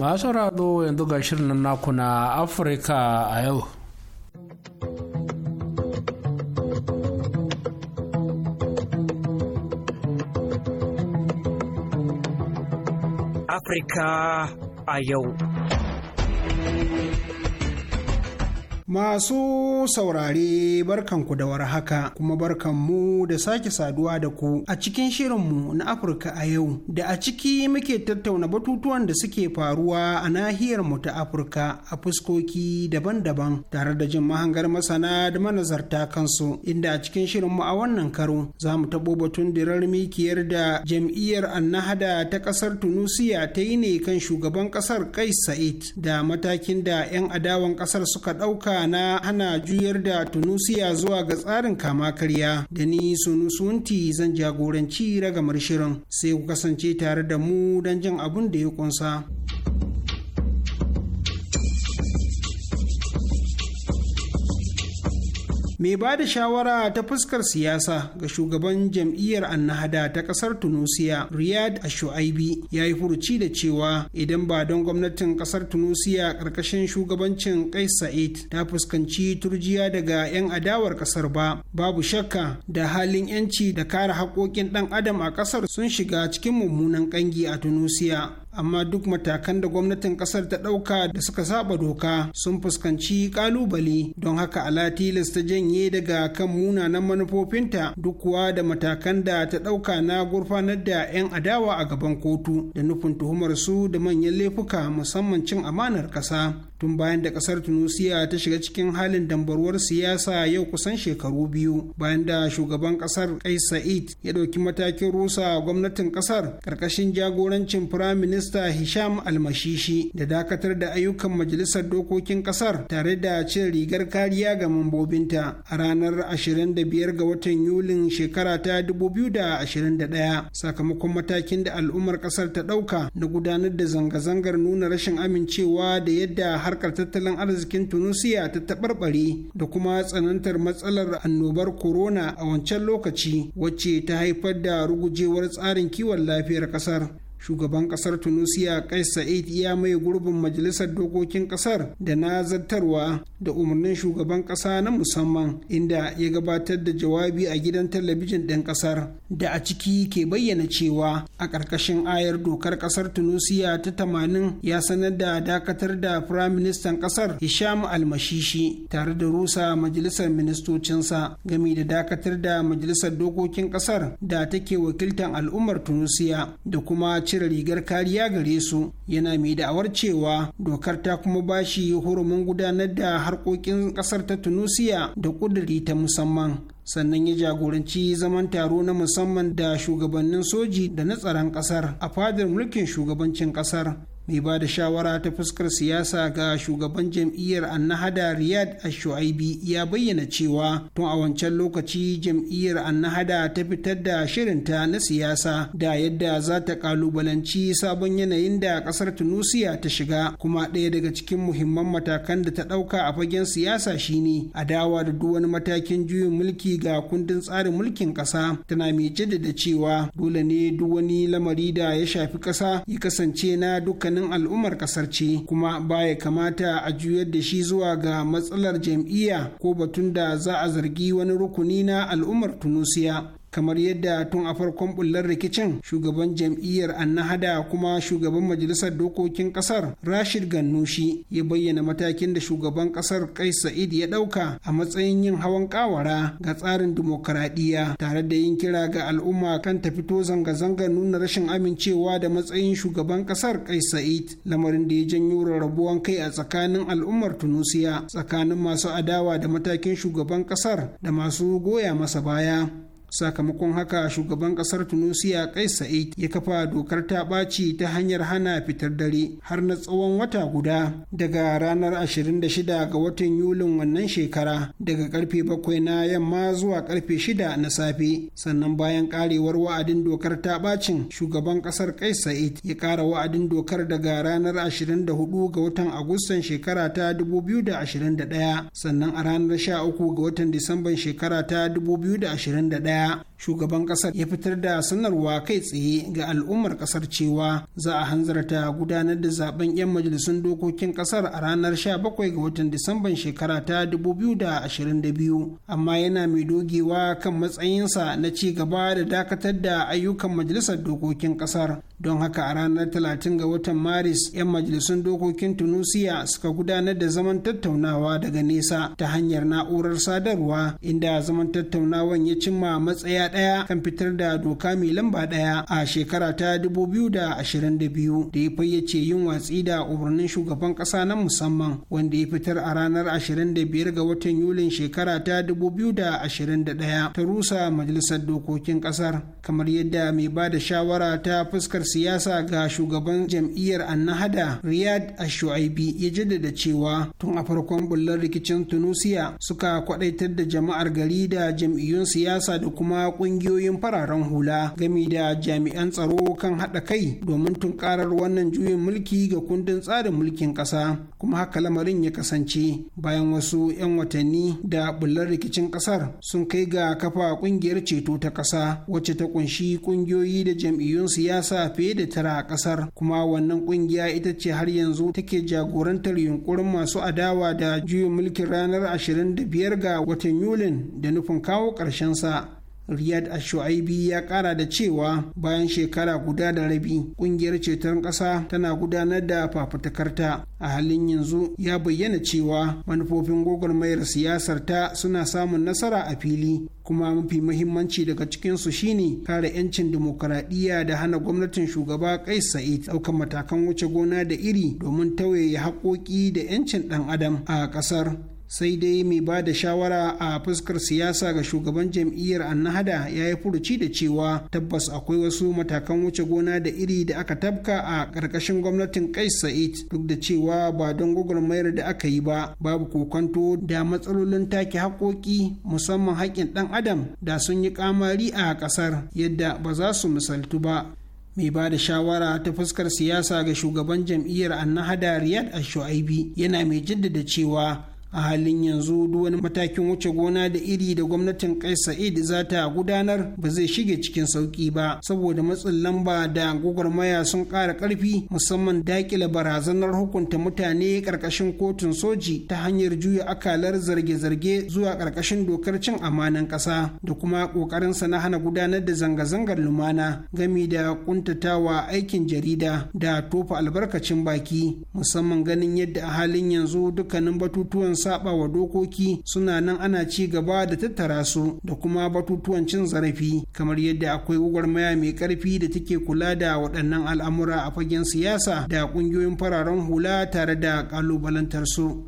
masu rado yanzu ga shirin naku na afirka a yau Afirka a yau. Masu saurare barkanku da haka. kuma barkanmu da sake saduwa da ku a cikin shirinmu na Afirka a yau da a ciki muke tattauna batutuwan da suke faruwa a nahiyar mu ta Afirka a fuskoki daban-daban tare da jin mahangar masana da manazarta kansu inda a cikin shirinmu a wannan karo za mu taɓo batun dirar mikiyar da jam'iyyar annahada ta ƙasar Tunusiya ta yi ne kan shugaban ƙasar Kais Sa'id da matakin da 'yan adawan ƙasar suka ɗauka yawa na hana juyar da tunusiya zuwa ga tsarin kama karya da ni sunusunti zan jagoranci ragamar shirin sai ku kasance tare da mu don jin abin da ya kunsa. mai ba da shawara ta fuskar siyasa ga shugaban jam'iyyar annahada ta kasar tunusiya riyad ashu'aibi ya yi furuci da cewa idan ba don gwamnatin kasar tunusiya karkashin shugabancin kais sa'id ta fuskanci turjiya daga 'yan adawar kasar ba babu shakka da halin 'yanci da kare haƙoƙin ɗan adam a kasar sun shiga cikin mummunan ƙangi a tunusiya amma duk matakan da gwamnatin kasar ta ɗauka da suka saba doka sun fuskanci ƙalubale don haka ala tilas ta janye daga kan munanan manufofinta duk kuwa da matakan da ta ɗauka na gurfanar da 'yan adawa a gaban kotu da nufin tuhumar su da manyan laifuka musamman cin amanar ƙasa tun bayan da kasar tunisia ta shiga cikin halin dambarwar siyasa yau kusan shekaru biyu bayan da shugaban kasar kai sa'id ya ɗauki matakin rusa gwamnatin kasar ƙarƙashin jagorancin firayim minista hisham almashishi da dakatar da ayyukan majalisar dokokin kasar tare da cin rigar kariya ga mambobinta a ranar 25 ga watan yulin shekara ta 2021 sakamakon matakin da al'ummar kasar ta ɗauka na gudanar da zanga-zangar nuna rashin amincewa da yadda harkar tattalin arzikin tunisia ta taɓarɓare da kuma tsanantar matsalar annobar corona a wancan lokaci wacce ta haifar da rugujewar tsarin kiwon lafiyar ƙasar shugaban kasar tunisia kais sa'id ya mai gurbin majalisar dokokin kasar da na zartarwa da umarnin shugaban kasa na musamman inda ya gabatar da jawabi a gidan talabijin ɗin kasar da a ciki ke bayyana cewa a ƙarƙashin ayar dokar kasar tunisia ta tamanin ya sanar da dakatar da firayim ministan kasar hisham almashishi tare da rusa majalisar ministocinsa game da dakatar da majalisar dokokin kasar da take wakiltar al'ummar tunisia da kuma cire rigar kariya gare su yana mai da'awar cewa dokar ta kuma ba bashi hurumin gudanar da harkokin kasar ta tunisia da kuduri ta musamman sannan ya jagoranci zaman taro na musamman da shugabannin soji da na tsaron kasar a fadar mulkin shugabancin kasar mai ba da shawara ta fuskar siyasa ga shugaban jam'iyyar annahada riyad ashu'aibi ya bayyana cewa tun a wancan lokaci jam'iyyar annahada ta fitar da shirinta na siyasa da yadda za ta kalubalanci sabon yanayin da kasar tunusiya ta shiga kuma ɗaya daga cikin muhimman matakan da ta ɗauka a fagen siyasa shine adawa da duk wani matakin juyin mulki ga kundin tsarin mulkin ƙasa tana mai jaddada cewa dole ne duk wani lamari da ya shafi ƙasa ya kasance na dukkan dukkanin al'ummar kasar ce kuma ba ya kamata a juyar da shi zuwa ga matsalar jam'iyya ko batun da za a zargi wani rukuni na al'ummar tunusiya kamar yadda tun a farkon bullar rikicin shugaban jam'iyyar annahada kuma shugaban majalisar dokokin kasar rashid gannushi ya bayyana matakin da shugaban kasar kais sa'id ya dauka a matsayin yin hawan kawara ga tsarin dimokuraɗiyya tare da yin kira ga al'umma kan ta fito zanga-zangar nuna rashin amincewa da matsayin shugaban kasar kais sa'id lamarin da ya janyo rarrabuwan kai a tsakanin al'ummar tunusiya tsakanin masu adawa da matakin shugaban kasar da masu goya masa baya sakamakon haka shugaban kasar tunisia kais sa'id ya kafa dokar ta ɓaci ta hanyar hana fitar dare har na tsawon wata guda daga ranar 26 ga watan yulin wannan shekara daga karfe 7 na yamma zuwa karfe 6 na safe sannan bayan karewar wa'adin dokar ta ɓacin shugaban kasar kais sa'id ya kara wa'adin dokar daga ranar 24 ga watan agustan shekara ta 2021 sannan a ranar 13 ga watan disamban shekara ta 2021 that shugaban kasar ya fitar da sanarwa kai tsaye ga al'ummar kasar cewa za a hanzarta gudanar da zaben 'yan majalisun dokokin kasar a ranar 17 ga watan disamban shekara ta 2022 amma yana mai dogewa kan matsayinsa na ci gaba da dakatar da ayyukan majalisar dokokin kasar don haka a ranar 30 ga watan maris 'yan majalisun dokokin tunusiya suka gudanar da zaman tattaunawa daga nesa ta hanyar na'urar sadarwa inda zaman tattaunawan ya cimma matsaya daya kan fitar da doka mai lamba daya a shekara ta 2022 da ya fayyace yin watsi da umarnin shugaban kasa na musamman wanda ya fitar a ranar 25 ga watan Yulin shekara ta 2021 ta rusa majalisar dokokin kasar. kamar yadda mai ba da shawara ta fuskar siyasa ga shugaban jam'iyyar annahada riyad ashu'aibi ya jaddada cewa tun a farkon bullar rikicin tunusiya suka kwadaitar da jama'ar gari da jam'iyyun siyasa da kuma kungiyoyin fararen hula gami da jami'an tsaro kan haɗa kai domin tunkarar wannan juyin mulki ga kundin tsarin mulkin ƙasa kuma haka lamarin ya kasance bayan wasu 'yan watanni da bullar rikicin ƙasar sun kai ga kafa kungiyar ceto ta ƙasa wacce ta kunshi kungiyoyi da jam'iyyun siyasa fiye da tara a ƙasar kuma wannan kungiya ita ce har yanzu take jagorantar yunkurin masu adawa da juyin mulkin ranar 25 ga watan yulin da nufin kawo sa. Riyad Ashu'aibi ya kara da cewa bayan shekara guda da rabi kungiyar ceton ƙasa tana gudanar da fafutukarta a halin yanzu ya bayyana cewa manufofin gwagwarmayar siyasar ta suna samun nasara a fili kuma mafi muhimmanci daga cikinsu shine kare 'yancin dimokuraɗiyya da hana gwamnatin shugaba kai sa'id ɗaukar matakan wuce gona da iri domin tauye haƙoƙi da 'yancin ɗan adam a ƙasar sai dai mai ba da shawara a fuskar siyasa ga shugaban jam'iyyar annahada ya yi furuci da cewa tabbas akwai wasu matakan wuce gona da iri da aka tabka a ƙarƙashin gwamnatin kais sa'id duk da cewa ba don gwagwarmayar da aka yi ba babu kokonto da matsalolin take haƙoƙi musamman haƙƙin ɗan adam da sun yi ƙamari a ƙasar yadda ba za su misaltu ba mai ba da shawara ta fuskar siyasa ga shugaban jam'iyyar annahada riyad al-shu'aibi yana mai jaddada cewa a halin yanzu duk wani matakin wuce gona da iri da gwamnatin kai sa'id za ta gudanar ba zai shige cikin sauki ba saboda matsin lamba da gwagwarmaya sun ƙara ƙarfi musamman daƙile barazanar hukunta mutane ƙarƙashin kotun soji ta hanyar juya akalar zarge-zarge zuwa ƙarƙashin dokar cin amanan ƙasa da kuma ƙoƙarinsa na hana gudanar da zanga-zangar lumana gami da ƙuntatawa aikin jarida da tofa albarkacin baki musamman ganin yadda a halin yanzu dukkanin batutuwan saba wa dokoki suna nan ana ci gaba da tattara su da kuma batutuwan cin zarafi kamar yadda akwai gwagwarmaya mai karfi da take kula da waɗannan al'amura a fagen siyasa da ƙungiyoyin fararen hula tare da ƙalubalantar su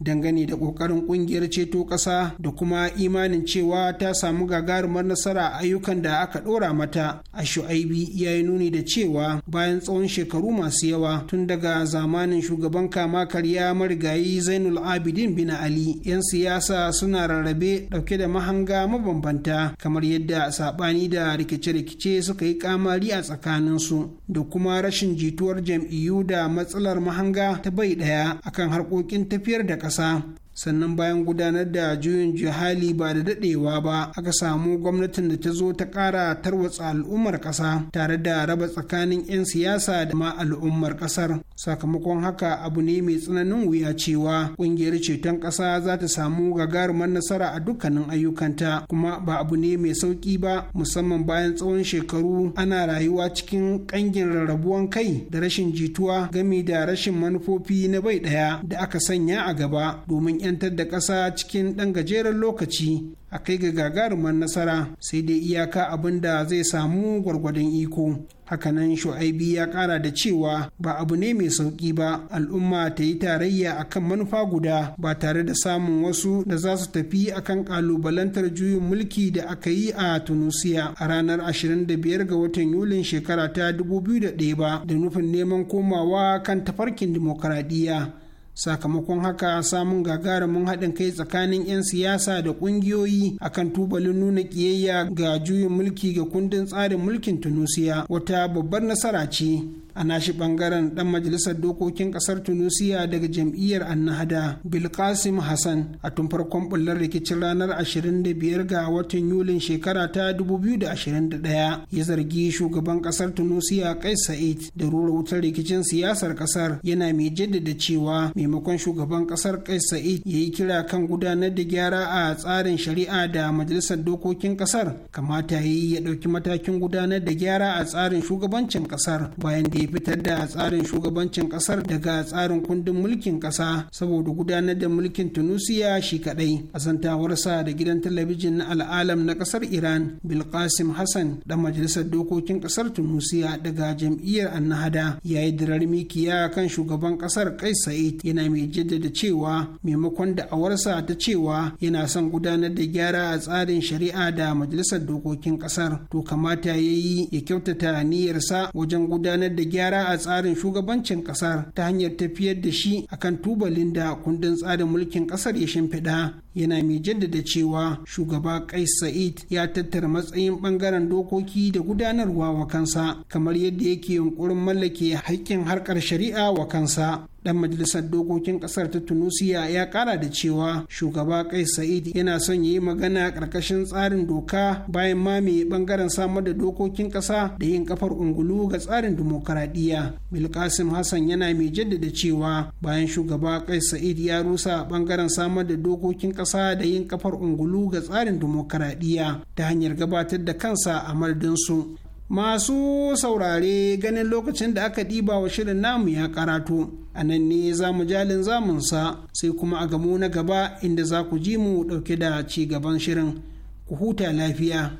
dangane da ƙoƙarin ƙungiyar ceto ƙasa da kuma imanin cewa ta samu gagarumar nasara a ayyukan da aka ɗora mata a shu'aibi ya yi nuni da cewa bayan tsawon shekaru masu yawa tun daga zamanin shugaban kama karya marigayi zainul abidin bin ali 'yan siyasa suna rarrabe ɗauke da mahanga mabambanta kamar yadda saɓani da rikice-rikice suka yi kamari a tsakaninsu da kuma rashin jituwar jam'iyyu da matsalar mahanga ta bai ɗaya akan harkokin tafiyar da ƙasa sannan bayan gudanar da juyin jihali ba da daɗewa ba aka samu gwamnatin da ta zo ta ƙara tarwatsa al'ummar ƙasa tare da raba tsakanin 'yan siyasa da ma al'ummar ƙasar sakamakon haka abu ne mai tsananin wuya cewa ƙungiyar ceton ƙasa za ta samu gagarumar nasara a dukkanin ayyukanta kuma ba abu ne mai sauƙi ba musamman bayan tsawon shekaru ana rayuwa cikin ƙangin rarrabuwan kai da rashin jituwa gami da rashin manufofi na bai ɗaya da aka sanya a gaba domin 'yantar da ƙasa cikin ɗan gajeren lokaci a kai ga gagarumar nasara sai dai iyaka abin da zai samu gwargwadon iko hakanan shu'aibi ya ƙara da cewa ba abu ne mai sauƙi ba al'umma ta yi tarayya akan manufa guda ba tare da samun wasu da za su tafi akan kalubalantar juyin mulki da aka yi a tunusiya a ranar 25 ga watan yulin shekara ta 2001 ba da nufin neman komawa kan tafarkin dimokuraɗiyya sakamakon haka samun gagarumin haɗin kai tsakanin 'yan siyasa da ƙungiyoyi akan tubalin nuna ƙiyayya ga juyin mulki ga kundin tsarin mulkin tunusiya wata babbar nasara ce a nashi bangaren dan majalisar dokokin kasar tunisia daga jam'iyyar annahada bilkasim hassan a tun farkon bullar rikicin ranar 25 ga watan yulin shekara ta 2021 ya zargi shugaban kasar tunisia kais sa'id da rura wutar rikicin siyasar kasar yana mai jaddada cewa maimakon shugaban kasar kais sa'id ya yi kira kan gudanar da gyara a tsarin shari'a da majalisar dokokin kasar kamata ya yi ya ɗauki matakin gudanar da gyara a tsarin shugabancin kasar bayan da ya fitar da tsarin shugabancin kasar daga tsarin kundin mulkin kasa saboda gudanar da mulkin tunusiya shi kadai a zantawarsa da gidan talabijin na al'alam na kasar iran bilkasim hassan da majalisar dokokin kasar tunusiya daga jam'iyyar annahada ya yi dirar mikiya kan shugaban kasar kai sa'id yana mai jaddada cewa maimakon da awarsa ta cewa yana son gudanar da gyara a tsarin shari'a da majalisar dokokin kasar to kamata ya yi ya kyautata niyyarsa wajen gudanar da gyara gyara a tsarin shugabancin kasar ta hanyar tafiyar da shi a kan tubalin da kundin tsarin mulkin kasar ya shimfiɗa yana mai jaddada cewa shugaba kai sa'id ya tattara matsayin bangaren dokoki da gudanarwa wa kansa kamar yadda yake yunkurin mallake haƙƙin harkar shari'a wa kansa dan majalisar dokokin kasar ta tunisia ya kara da cewa shugaba kai sa'id yana son yi magana karkashin tsarin doka bayan mame bangaren samar da dokokin kasa da yin kafar ungulu ga tsarin dimokuraɗiyya bilkasim hassan yana mai jaddada cewa bayan shugaba kai sa'id ya rusa bangaren samar da dokokin kasa da yin kafar ungulu ga tsarin dimokuraɗiyya ta hanyar gabatar da kansa a mardinsu Masu saurare ganin lokacin da aka ɗiba wa shirin namu ya karatu a nan ne za mu jalin zamunsa sai kuma a gamo na gaba inda za ku ji mu ɗauke da ci gaban shirin ku huta lafiya.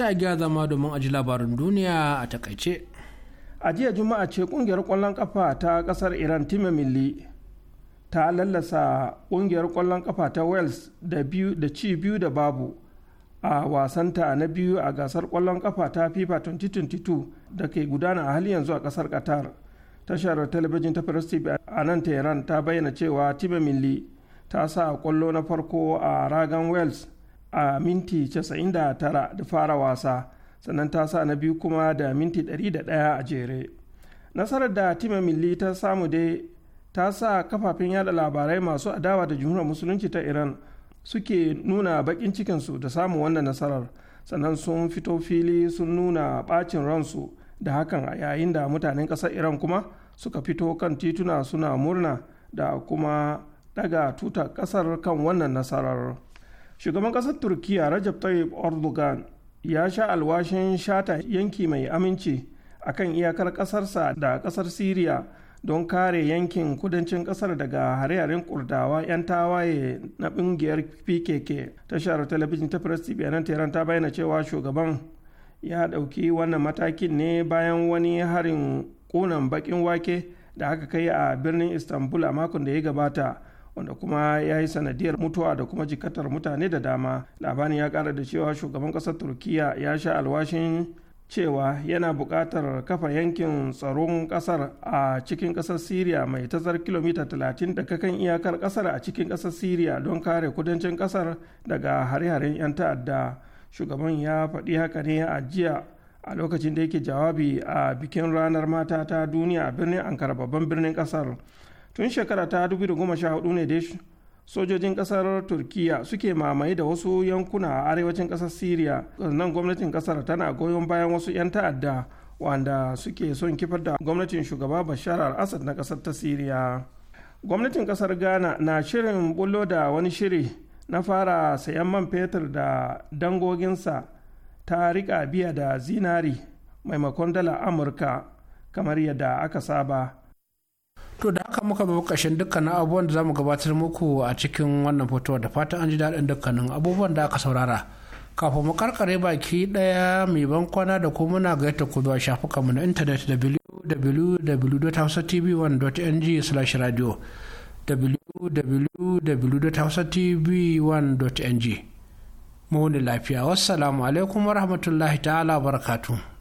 sai a zama domin aji labarin duniya a takaice. a jiya juma'a ce kungiyar kwallon kafa ta kasar iran time milli ta lallasa kungiyar kwallon kafa ta wales da ci biyu da babu a wasanta na biyu a gasar kwallon kafa ta fifa 2022 da ke gudana a halin yanzu a kasar qatar tashar talabijin ta press a nan tehran ta bayyana cewa time milli ta sa kwallo na farko a ragan wales a minti 99 da fara wasa sannan ta sa na biyu kuma da minti 101 a jere nasarar da tima milli ta samu dai ta sa kafafen yada labarai masu adawa da jumhuriyar musulunci ta iran suke nuna bakin cikinsu da samu wannan nasarar sannan sun fito fili sun nuna bacin ransu da hakan a yayin da mutanen ƙasar iran kuma suka fito kan tituna suna murna da kuma daga tutar ƙasar kan wannan nasarar. shugaban ƙasar turkiya rajab tayyip erdogan ya sha alwashin shata yanki mai aminci a kan iyakar ƙasarsa da ƙasar siriya don kare yankin kudancin ƙasar daga hare-haren kurdawa 'yan tawaye na ƙungiyar pkk tashar talabijin ta press tv nan tehran ta bayyana cewa shugaban ya ɗauki wannan matakin ne bayan wani harin ƙunan baƙin wake da aka kai a birnin istanbul a makon da ya gabata wanda kuma ya yi sanadiyar mutuwa da kuma jikatar mutane da dama labarin ya kara da cewa shugaban kasar turkiya ya sha alwashin cewa yana buƙatar kafa yankin tsaron ƙasar a cikin ƙasar syria mai tazar kilomita 30 daga kan iyakar ƙasar a cikin ƙasar syria don kare kudancin ƙasar daga hare-haren 'yan ta'adda shugaban ya faɗi haka ne a jiya a lokacin da yake jawabi a bikin ranar mata ta duniya a birnin ankara babban birnin ƙasar tun shekara ta 2014 ne dai sojojin kasar turkiya suke mamaye da wasu yankuna a arewacin kasar syria nan gwamnatin kasar tana goyon bayan wasu 'yan ta'adda wanda suke son kifar da gwamnatin shugaba bashar al-assad na kasar ta syria gwamnatin kasar ghana na shirin bullo da wani shiri na fara sayan man fetur da dangoginsa ta rika biya da zinari maimakon dala amurka kamar yadda aka saba to da haka muka zo ƙarshen dukkanin abubuwan da zamu gabatar muku a cikin wannan fito da fatan an ji daɗin dukkanin abubuwan da aka saurara kafin mu karkare baki ɗaya mai ban kwana da kuma muna gaita ku zuwa mu na intanet www.hausatv1.ng/radio www.hausatv1.ng mu lafiya wassalamu alaikum warahmatullahi ta'ala barakatuh